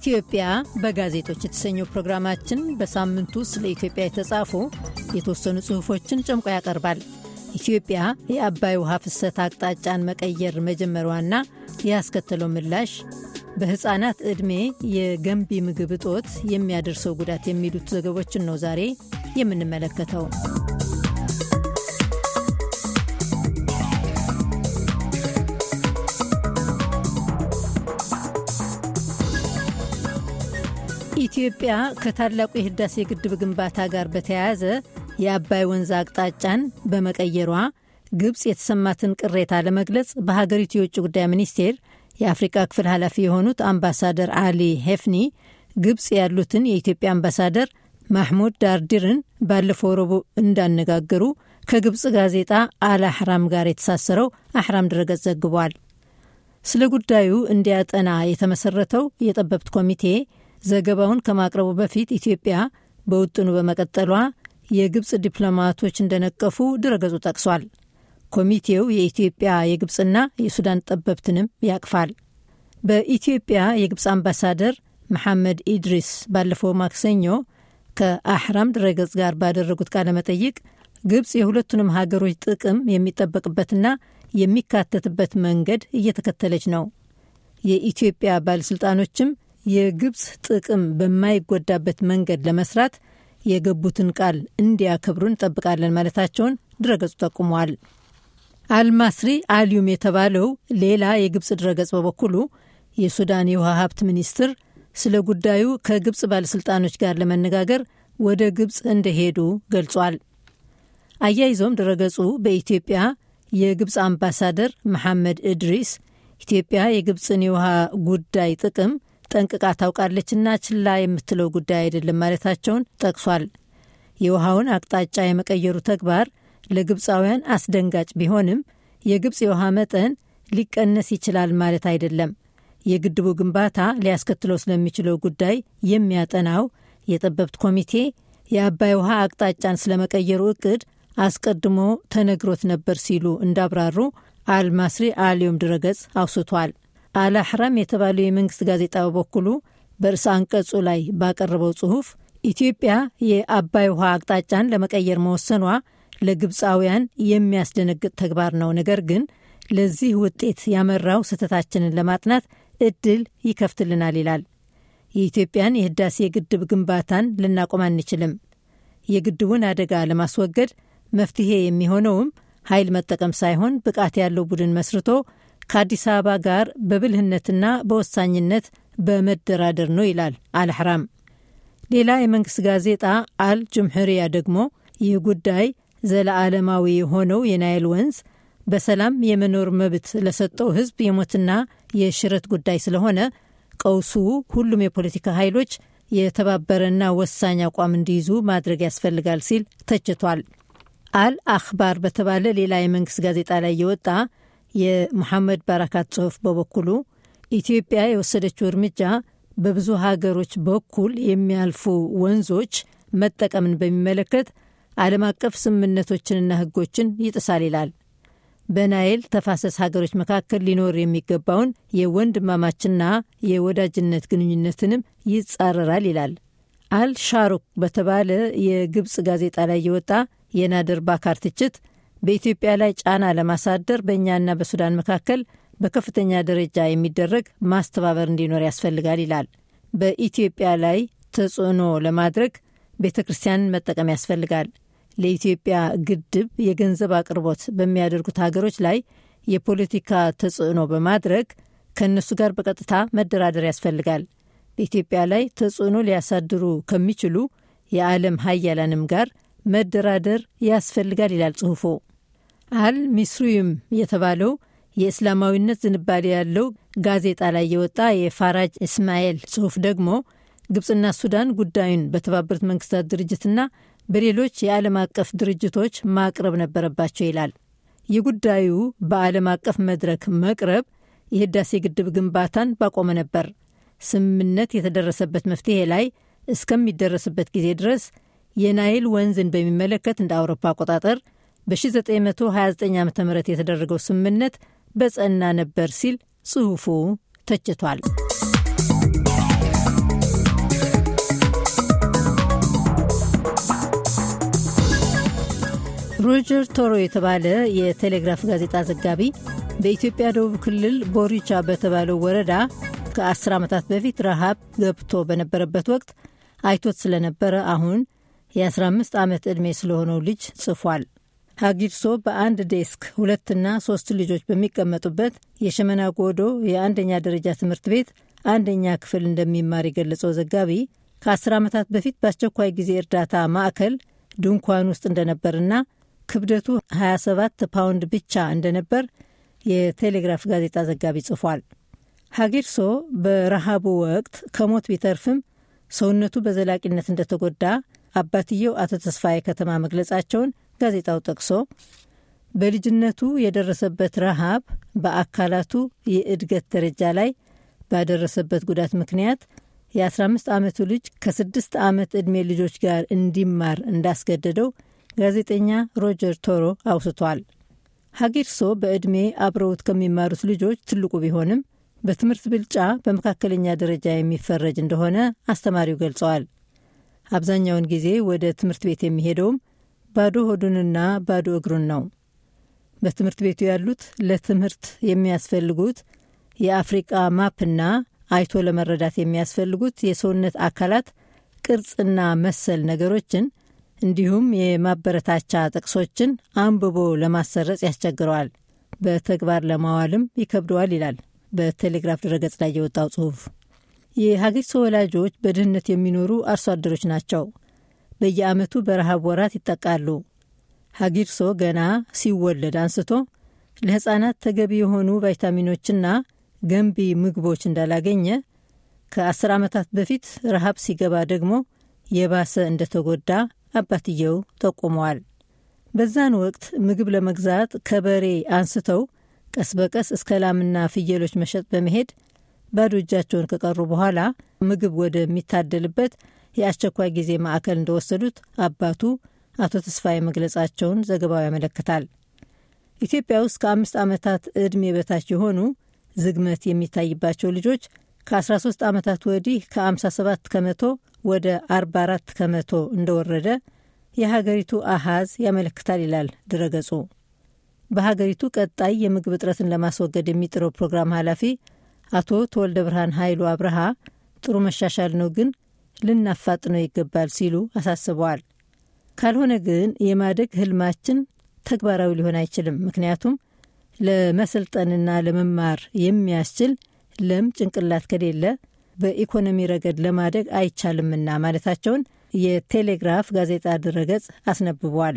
ኢትዮጵያ በጋዜጦች የተሰኘው ፕሮግራማችን በሳምንቱ ስለ ኢትዮጵያ የተጻፉ የተወሰኑ ጽሑፎችን ጨምቆ ያቀርባል። ኢትዮጵያ የአባይ ውሃ ፍሰት አቅጣጫን መቀየር መጀመሯና ያስከተለው ምላሽ፣ በሕፃናት ዕድሜ የገንቢ ምግብ እጦት የሚያደርሰው ጉዳት የሚሉት ዘገቦችን ነው ዛሬ የምንመለከተው። ኢትዮጵያ ከታላቁ የህዳሴ ግድብ ግንባታ ጋር በተያያዘ የአባይ ወንዝ አቅጣጫን በመቀየሯ ግብፅ የተሰማትን ቅሬታ ለመግለጽ በሀገሪቱ የውጭ ጉዳይ ሚኒስቴር የአፍሪካ ክፍል ኃላፊ የሆኑት አምባሳደር አሊ ሄፍኒ ግብፅ ያሉትን የኢትዮጵያ አምባሳደር ማሕሙድ ዳርዲርን ባለፈው ረቡዕ እንዳነጋገሩ ከግብፅ ጋዜጣ አል አሕራም ጋር የተሳሰረው አሕራም ድረገጽ ዘግቧል። ስለ ጉዳዩ እንዲያጠና የተመሰረተው የጠበብት ኮሚቴ ዘገባውን ከማቅረቡ በፊት ኢትዮጵያ በውጥኑ በመቀጠሏ የግብፅ ዲፕሎማቶች እንደነቀፉ ድረገጹ ጠቅሷል። ኮሚቴው የኢትዮጵያ የግብፅና የሱዳን ጠበብትንም ያቅፋል። በኢትዮጵያ የግብፅ አምባሳደር መሐመድ ኢድሪስ ባለፈው ማክሰኞ ከአሕራም ድረገጽ ጋር ባደረጉት ቃለ መጠይቅ ግብፅ የሁለቱንም ሀገሮች ጥቅም የሚጠበቅበትና የሚካተትበት መንገድ እየተከተለች ነው፣ የኢትዮጵያ ባለሥልጣኖችም የግብፅ ጥቅም በማይጎዳበት መንገድ ለመስራት የገቡትን ቃል እንዲያከብሩ እንጠብቃለን ማለታቸውን ድረገጹ ጠቁመዋል። አልማስሪ አልዩም የተባለው ሌላ የግብፅ ድረገጽ በበኩሉ የሱዳን የውሃ ሀብት ሚኒስትር ስለ ጉዳዩ ከግብፅ ባለሥልጣኖች ጋር ለመነጋገር ወደ ግብፅ እንደሄዱ ገልጿል። አያይዞም ድረገጹ በኢትዮጵያ የግብፅ አምባሳደር መሐመድ እድሪስ ኢትዮጵያ የግብፅን የውሃ ጉዳይ ጥቅም ጠንቅቃ ታውቃለችና ችላ የምትለው ጉዳይ አይደለም ማለታቸውን ጠቅሷል። የውሃውን አቅጣጫ የመቀየሩ ተግባር ለግብፃውያን አስደንጋጭ ቢሆንም የግብፅ የውሃ መጠን ሊቀነስ ይችላል ማለት አይደለም። የግድቡ ግንባታ ሊያስከትለው ስለሚችለው ጉዳይ የሚያጠናው የጠበብት ኮሚቴ የአባይ ውሃ አቅጣጫን ስለመቀየሩ እቅድ አስቀድሞ ተነግሮት ነበር ሲሉ እንዳብራሩ አልማስሪ አሊዮም ድረገጽ አውስቷል። አልአሕራም የተባለው የመንግስት ጋዜጣ በበኩሉ በርዕሰ አንቀጹ ላይ ባቀረበው ጽሑፍ ኢትዮጵያ የአባይ ውሃ አቅጣጫን ለመቀየር መወሰኗ ለግብፃውያን የሚያስደነግጥ ተግባር ነው፣ ነገር ግን ለዚህ ውጤት ያመራው ስህተታችንን ለማጥናት እድል ይከፍትልናል ይላል። የኢትዮጵያን የህዳሴ ግድብ ግንባታን ልናቆም አንችልም። የግድቡን አደጋ ለማስወገድ መፍትሄ የሚሆነውም ኃይል መጠቀም ሳይሆን ብቃት ያለው ቡድን መስርቶ ከአዲስ አበባ ጋር በብልህነትና በወሳኝነት በመደራደር ነው ይላል አልሕራም። ሌላ የመንግስት ጋዜጣ አል ጅምሕርያ ደግሞ ይህ ጉዳይ ዘለዓለማዊ የሆነው የናይል ወንዝ በሰላም የመኖር መብት ለሰጠው ህዝብ የሞትና የሽረት ጉዳይ ስለሆነ ቀውሱ ሁሉም የፖለቲካ ኃይሎች የተባበረና ወሳኝ አቋም እንዲይዙ ማድረግ ያስፈልጋል ሲል ተችቷል። አል አክባር በተባለ ሌላ የመንግስት ጋዜጣ ላይ የወጣ የሙሐመድ ባራካት ጽሑፍ በበኩሉ ኢትዮጵያ የወሰደችው እርምጃ በብዙ ሀገሮች በኩል የሚያልፉ ወንዞች መጠቀምን በሚመለከት ዓለም አቀፍ ስምምነቶችንና ሕጎችን ይጥሳል ይላል። በናይል ተፋሰስ ሀገሮች መካከል ሊኖር የሚገባውን የወንድማማችና የወዳጅነት ግንኙነትንም ይጻረራል ይላል። አልሻሩክ በተባለ የግብፅ ጋዜጣ ላይ የወጣ የናደር ባካር ትችት በኢትዮጵያ ላይ ጫና ለማሳደር በእኛና በሱዳን መካከል በከፍተኛ ደረጃ የሚደረግ ማስተባበር እንዲኖር ያስፈልጋል ይላል። በኢትዮጵያ ላይ ተጽዕኖ ለማድረግ ቤተ ክርስቲያንን መጠቀም ያስፈልጋል። ለኢትዮጵያ ግድብ የገንዘብ አቅርቦት በሚያደርጉት ሀገሮች ላይ የፖለቲካ ተጽዕኖ በማድረግ ከእነሱ ጋር በቀጥታ መደራደር ያስፈልጋል። በኢትዮጵያ ላይ ተጽዕኖ ሊያሳድሩ ከሚችሉ የዓለም ሀያላንም ጋር መደራደር ያስፈልጋል ይላል ጽሑፉ። አል ሚስሪዩም የተባለው የእስላማዊነት ዝንባሌ ያለው ጋዜጣ ላይ የወጣ የፋራጅ እስማኤል ጽሑፍ ደግሞ ግብፅና ሱዳን ጉዳዩን በተባበሩት መንግስታት ድርጅትና በሌሎች የዓለም አቀፍ ድርጅቶች ማቅረብ ነበረባቸው ይላል። የጉዳዩ በዓለም አቀፍ መድረክ መቅረብ የህዳሴ ግድብ ግንባታን ባቆመ ነበር። ስምምነት የተደረሰበት መፍትሄ ላይ እስከሚደረስበት ጊዜ ድረስ የናይል ወንዝን በሚመለከት እንደ አውሮፓ አቆጣጠር በ1929 ዓ ም የተደረገው ስምምነት በጸና ነበር ሲል ጽሑፉ ተችቷል። ሮጀር ቶሮ የተባለ የቴሌግራፍ ጋዜጣ ዘጋቢ በኢትዮጵያ ደቡብ ክልል ቦሪቻ በተባለው ወረዳ ከ10 ዓመታት በፊት ረሃብ ገብቶ በነበረበት ወቅት አይቶት ስለነበረ አሁን የ15 ዓመት ዕድሜ ስለሆነው ልጅ ጽፏል። ሀጊብሶ በአንድ ዴስክ ሁለትና ሶስት ልጆች በሚቀመጡበት የሸመና ጎዶ የአንደኛ ደረጃ ትምህርት ቤት አንደኛ ክፍል እንደሚማር የገለጸው ዘጋቢ ከአስር ዓመታት በፊት በአስቸኳይ ጊዜ እርዳታ ማዕከል ድንኳን ውስጥ እንደነበርና ክብደቱ 27 ፓውንድ ብቻ እንደነበር የቴሌግራፍ ጋዜጣ ዘጋቢ ጽፏል። ሀጊርሶ በረሃቡ ወቅት ከሞት ቢተርፍም ሰውነቱ በዘላቂነት እንደተጎዳ አባትየው አቶ ተስፋዬ ከተማ መግለጻቸውን ጋዜጣው ጠቅሶ በልጅነቱ የደረሰበት ረሃብ በአካላቱ የእድገት ደረጃ ላይ ባደረሰበት ጉዳት ምክንያት የ15 ዓመቱ ልጅ ከስድስት ዓመት ዕድሜ ልጆች ጋር እንዲማር እንዳስገደደው ጋዜጠኛ ሮጀር ቶሮ አውስቷል። ሀጊርሶ በዕድሜ አብረውት ከሚማሩት ልጆች ትልቁ ቢሆንም በትምህርት ብልጫ በመካከለኛ ደረጃ የሚፈረጅ እንደሆነ አስተማሪው ገልጸዋል። አብዛኛውን ጊዜ ወደ ትምህርት ቤት የሚሄደውም ባዶ ሆዱንና ባዶ እግሩን ነው። በትምህርት ቤቱ ያሉት ለትምህርት የሚያስፈልጉት የአፍሪቃ ማፕና አይቶ ለመረዳት የሚያስፈልጉት የሰውነት አካላት ቅርጽና መሰል ነገሮችን እንዲሁም የማበረታቻ ጥቅሶችን አንብቦ ለማሰረጽ ያስቸግረዋል፣ በተግባር ለማዋልም ይከብደዋል ይላል በቴሌግራፍ ድረገጽ ላይ የወጣው ጽሑፍ። የሀገሪቱ ወላጆች በድህነት የሚኖሩ አርሶ አደሮች ናቸው። በየዓመቱ በረሃብ ወራት ይጠቃሉ። ሀጊርሶ ገና ሲወለድ አንስቶ ለሕፃናት ተገቢ የሆኑ ቫይታሚኖችና ገንቢ ምግቦች እንዳላገኘ ከአስር ዓመታት በፊት ረሃብ ሲገባ ደግሞ የባሰ እንደተጎዳ አባትየው ጠቁመዋል። በዛን ወቅት ምግብ ለመግዛት ከበሬ አንስተው ቀስ በቀስ እስከ ላምና ፍየሎች መሸጥ በመሄድ ባዶ እጃቸውን ከቀሩ በኋላ ምግብ ወደሚታደልበት የአስቸኳይ ጊዜ ማዕከል እንደወሰዱት አባቱ አቶ ተስፋዬ መግለጻቸውን ዘገባው ያመለክታል። ኢትዮጵያ ውስጥ ከአምስት ዓመታት ዕድሜ በታች የሆኑ ዝግመት የሚታይባቸው ልጆች ከ13 ዓመታት ወዲህ ከ57 ከመቶ ወደ 44 ከመቶ እንደወረደ የሀገሪቱ አሃዝ ያመለክታል ይላል ድረገጹ። በሀገሪቱ ቀጣይ የምግብ እጥረትን ለማስወገድ የሚጥረው ፕሮግራም ኃላፊ አቶ ተወልደ ብርሃን ኃይሉ አብርሃ ጥሩ መሻሻል ነው፣ ግን ልናፋጥነው ይገባል ሲሉ አሳስበዋል። ካልሆነ ግን የማደግ ህልማችን ተግባራዊ ሊሆን አይችልም። ምክንያቱም ለመሰልጠንና ለመማር የሚያስችል ለም ጭንቅላት ከሌለ በኢኮኖሚ ረገድ ለማደግ አይቻልምና ማለታቸውን የቴሌግራፍ ጋዜጣ ድረገጽ አስነብቧል።